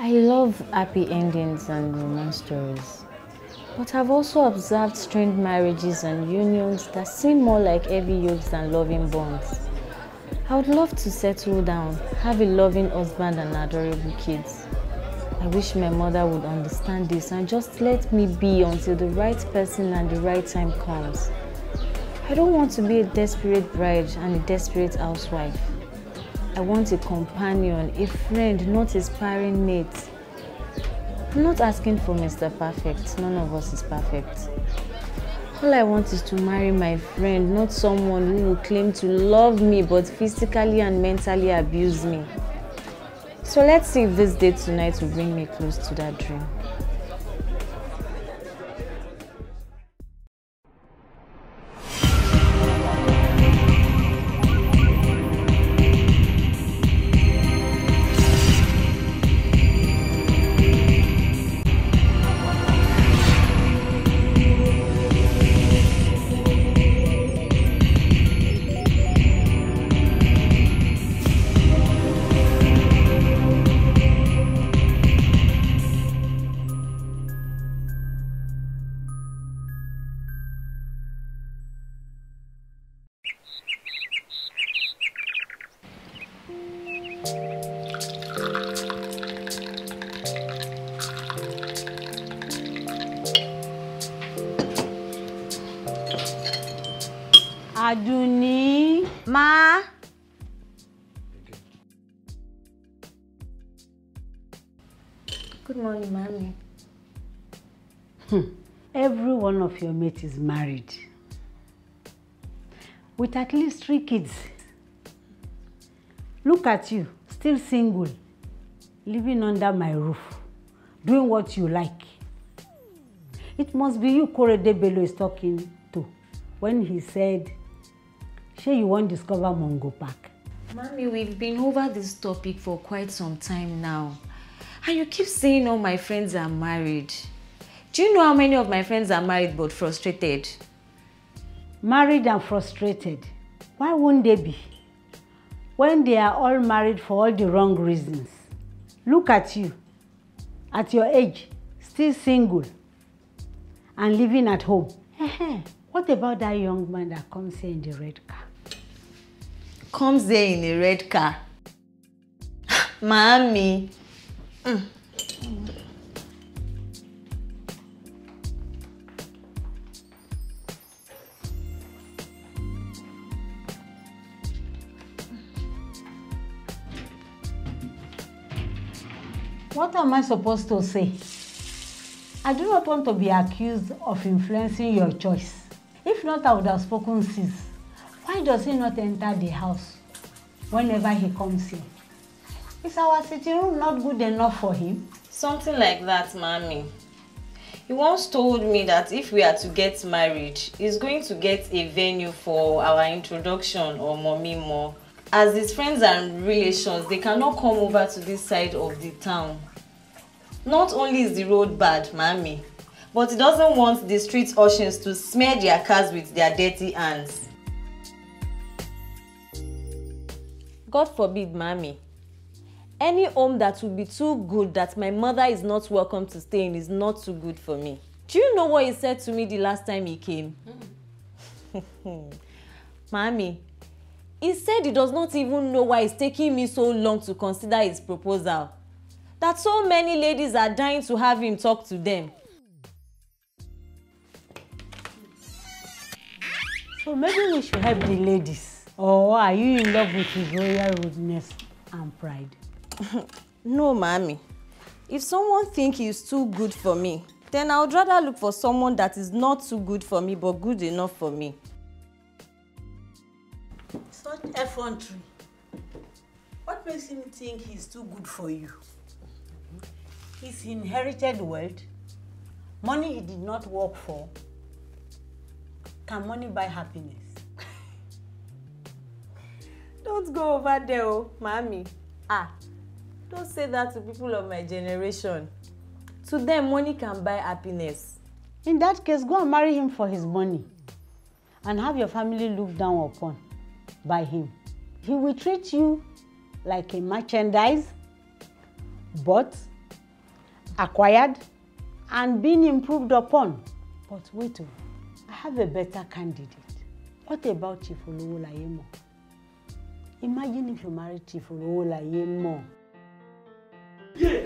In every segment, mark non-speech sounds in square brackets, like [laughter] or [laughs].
I love happy endings and romance stories. But I've also observed strained marriages and unions that seem more like heavy yokes than loving bonds. I would love to settle down, have a loving husband and adorable kids. I wish my mother would understand this and just let me be until the right person and the right time comes. I don't want to be a desperate bride and a desperate housewife. I want a companion, a friend, not a sparring mate. I'm not asking for Mr. Perfect. None of us is perfect. All I want is to marry my friend, not someone who will claim to love me but physically and mentally abuse me. So let's see if this date tonight will bring me close to that dream. Aduni, Ma. Good morning, mommy. Hmm. Every one of your mates is married. With at least three kids. Look at you, still single, living under my roof, doing what you like. It must be you Korede Bello is talking to when he said Sure, you won't discover Mongo Park. Mommy, we've been over this topic for quite some time now. And you keep saying all my friends are married. Do you know how many of my friends are married but frustrated? Married and frustrated? Why won't they be? When they are all married for all the wrong reasons. Look at you, at your age, still single and living at home. what about that young man that comes here in the red car? comes there in a red car. Màámi. Mm. What am I supposed to say? I do not want to be accused of influencing your choice. If not, I would have spoken since. Why does he not enter the house whenever he comes here? Is our sitting room not good enough for him? Something like that, mommy. He once told me that if we are to get married, he's going to get a venue for our introduction or mommy more. As his friends and relations, they cannot come over to this side of the town. Not only is the road bad, mommy, but he doesn't want the street urchins to smear their cars with their dirty hands. God forbid, mommy. Any home that would be too good that my mother is not welcome to stay in is not too good for me. Do you know what he said to me the last time he came? Mm. [laughs] mommy, he said he does not even know why it's taking me so long to consider his proposal. That so many ladies are dying to have him talk to them. So maybe we should help the ladies. Or oh, are you in love with his royal rudeness and pride? [laughs] no, mommy. If someone thinks he's too good for me, then I would rather look for someone that is not too good for me but good enough for me. Such effrontery. What makes him think he's too good for you? His inherited wealth, money he did not work for. Can money buy happiness? don't go over there oh màámi ah don't say that to people of my generation to them money can buy happiness. in that case go and marry him for his money and have your family looked down upon by him he will treat you like a merchandise bought acquired and being improved upon but wait o oh, i have a better candidate what about Chief Olowolaye Imagine if you marry Chief Owolaye mọ̀. Yes,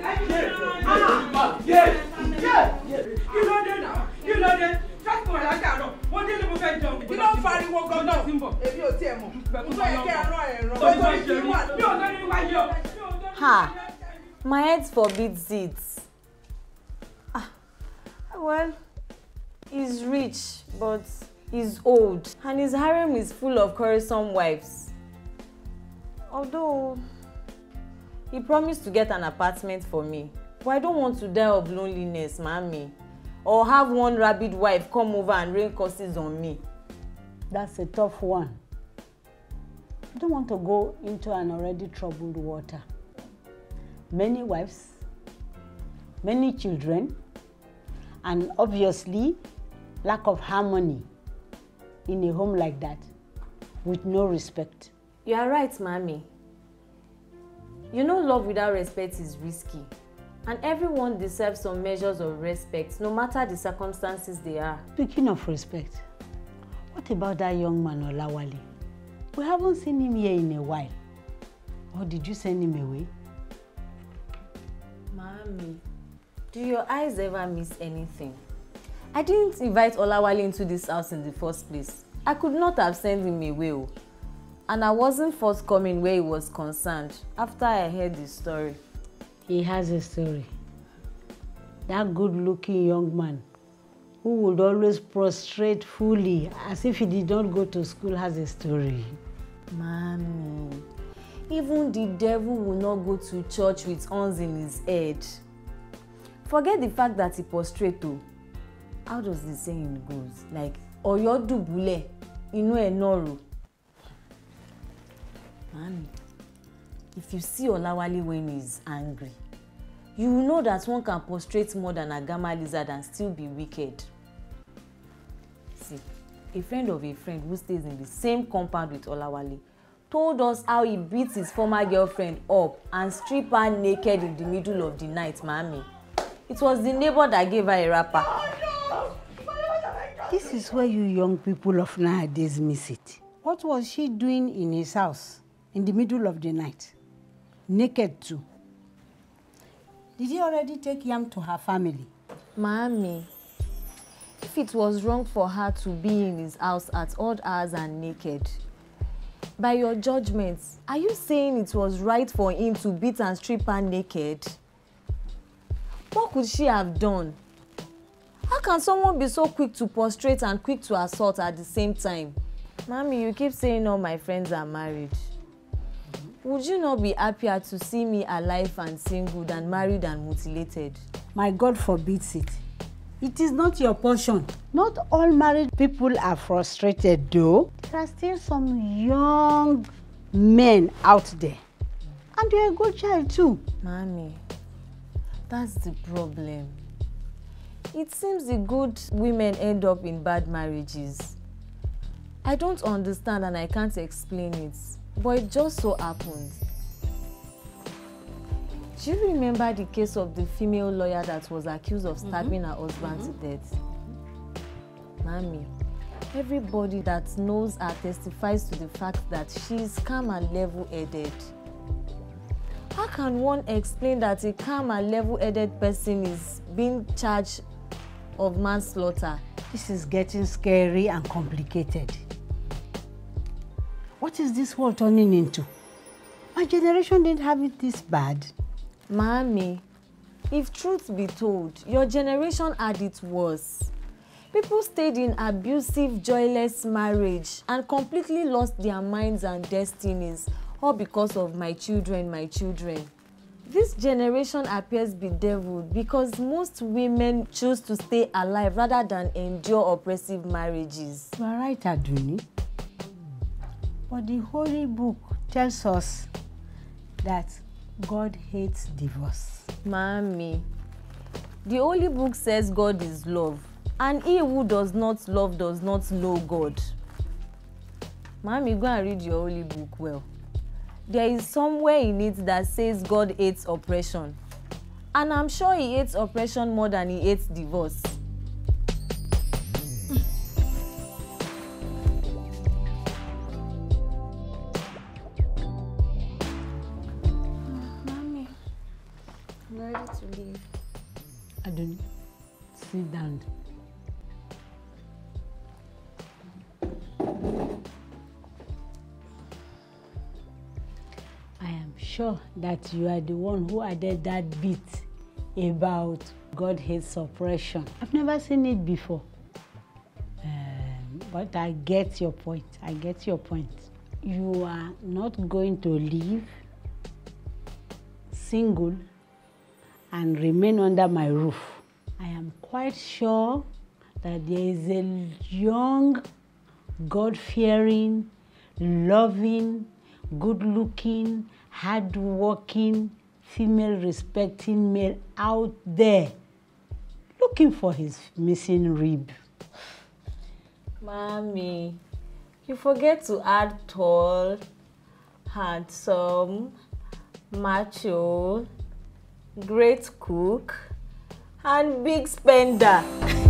yes, yes, yes, yes. Kí ló dé náà? Kí ló dé? Just for like that, mo dé ni mo fẹ́ jẹun. Kí ló ń fariwo gan-an? Èmi ò tiẹ̀ mọ̀. Nígbà yẹn kẹ́ ẹ̀rọ ẹ̀rọ. Ọjọ́ ìṣẹ́ wà ní ọ̀dọ́ ní wáyé o. Ha! My head forbids it. Ah, well, he's rich, but he's old, and his harem is full of quarrelsome wives. Although he promised to get an apartment for me, but I don't want to die of loneliness, mammy Or have one rabid wife come over and rain curses on me. That's a tough one. I don't want to go into an already troubled water. Many wives, many children, and obviously lack of harmony in a home like that with no respect. You are right, Mommy. You know love without respect is risky and everyone deserves some measures of respect no matter the circumstances they are. Speaking of respect, what about that young man Olawale? We haven't seen him here in a while. Or did you send him away? Mommy, do your eyes ever miss anything? I didn't invite Olawale into this house in the first place. I could not have sent him away. Oh and I wasn't forthcoming where he was concerned after I heard his story. He has a story. That good looking young man who would always prostrate fully as if he did not go to school has a story. Mommy, even the devil will not go to church with horns in his head. Forget the fact that he prostrate o. Oh. How does the saying goes? Like, Ọ̀yọ́ dùbúlẹ̀, inu enoru. Mami, if you see Olawale when he's angry, you know that one can prostrate more than a gamma lizard and still be wicked. See, a friend of a friend who stays in the same compound with Olawale told us how he beat his former girlfriend up and strip her naked in the middle of the night, Mami. It was the neighbor that gave her a rapper. This is where you young people of nowadays miss it. What was she doing in his house? in the middle of the night, naked too. Did he already take yam to her family? Mommy, if it was wrong for her to be in his house at odd hours and naked, by your judgment, are you saying it was right for him to beat and strip her naked? What could she have done? How can someone be so quick to prostrate and quick to assault at the same time? Mommy, you keep saying all my friends are married. Would you not be happier to see me alive and single than married and mutilated? My God forbids it. It is not your portion. Not all married people are frustrated though. There are still some young men out there. And you're a good child too. Mommy, that's the problem. It seems the good women end up in bad marriages. I don't understand and I can't explain it. But it just so happened. Do you remember the case of the female lawyer that was accused of stabbing mm -hmm. her husband mm -hmm. to mm-hmm. death? Mami, everybody that knows her testifies to the fact that she's calm and level-headed. How can one explain that a calm and level-headed person is being charged of manslaughter? This is getting scary and complicated. What is this world turning into? My generation didn't have it this bad. Mommy, if truth be told, your generation had it worse. People stayed in abusive, joyless marriage and completely lost their minds and destinies, all because of my children, my children. This generation appears bedeviled because most women choose to stay alive rather than endure oppressive marriages. You are right, Aduni. But the Holy Book tells us that God hates divorce. mommy. the Holy Book says God is love, and he who does not love does not know God. Mommy, go and read your Holy Book well. There is somewhere in it that says God hates oppression, and I'm sure he hates oppression more than he hates divorce. sure that you are the one who added that bit about God hates suppression. I've never seen it before. Um, but I get your point. I get your point. You are not going to live single and remain under my roof. I am quite sure that there is a young, God fearing, loving, good looking, hardworking, female respecting male out there looking for his missing rib. Mommy, you forget to add tall, handsome, macho, great cook, and big spender.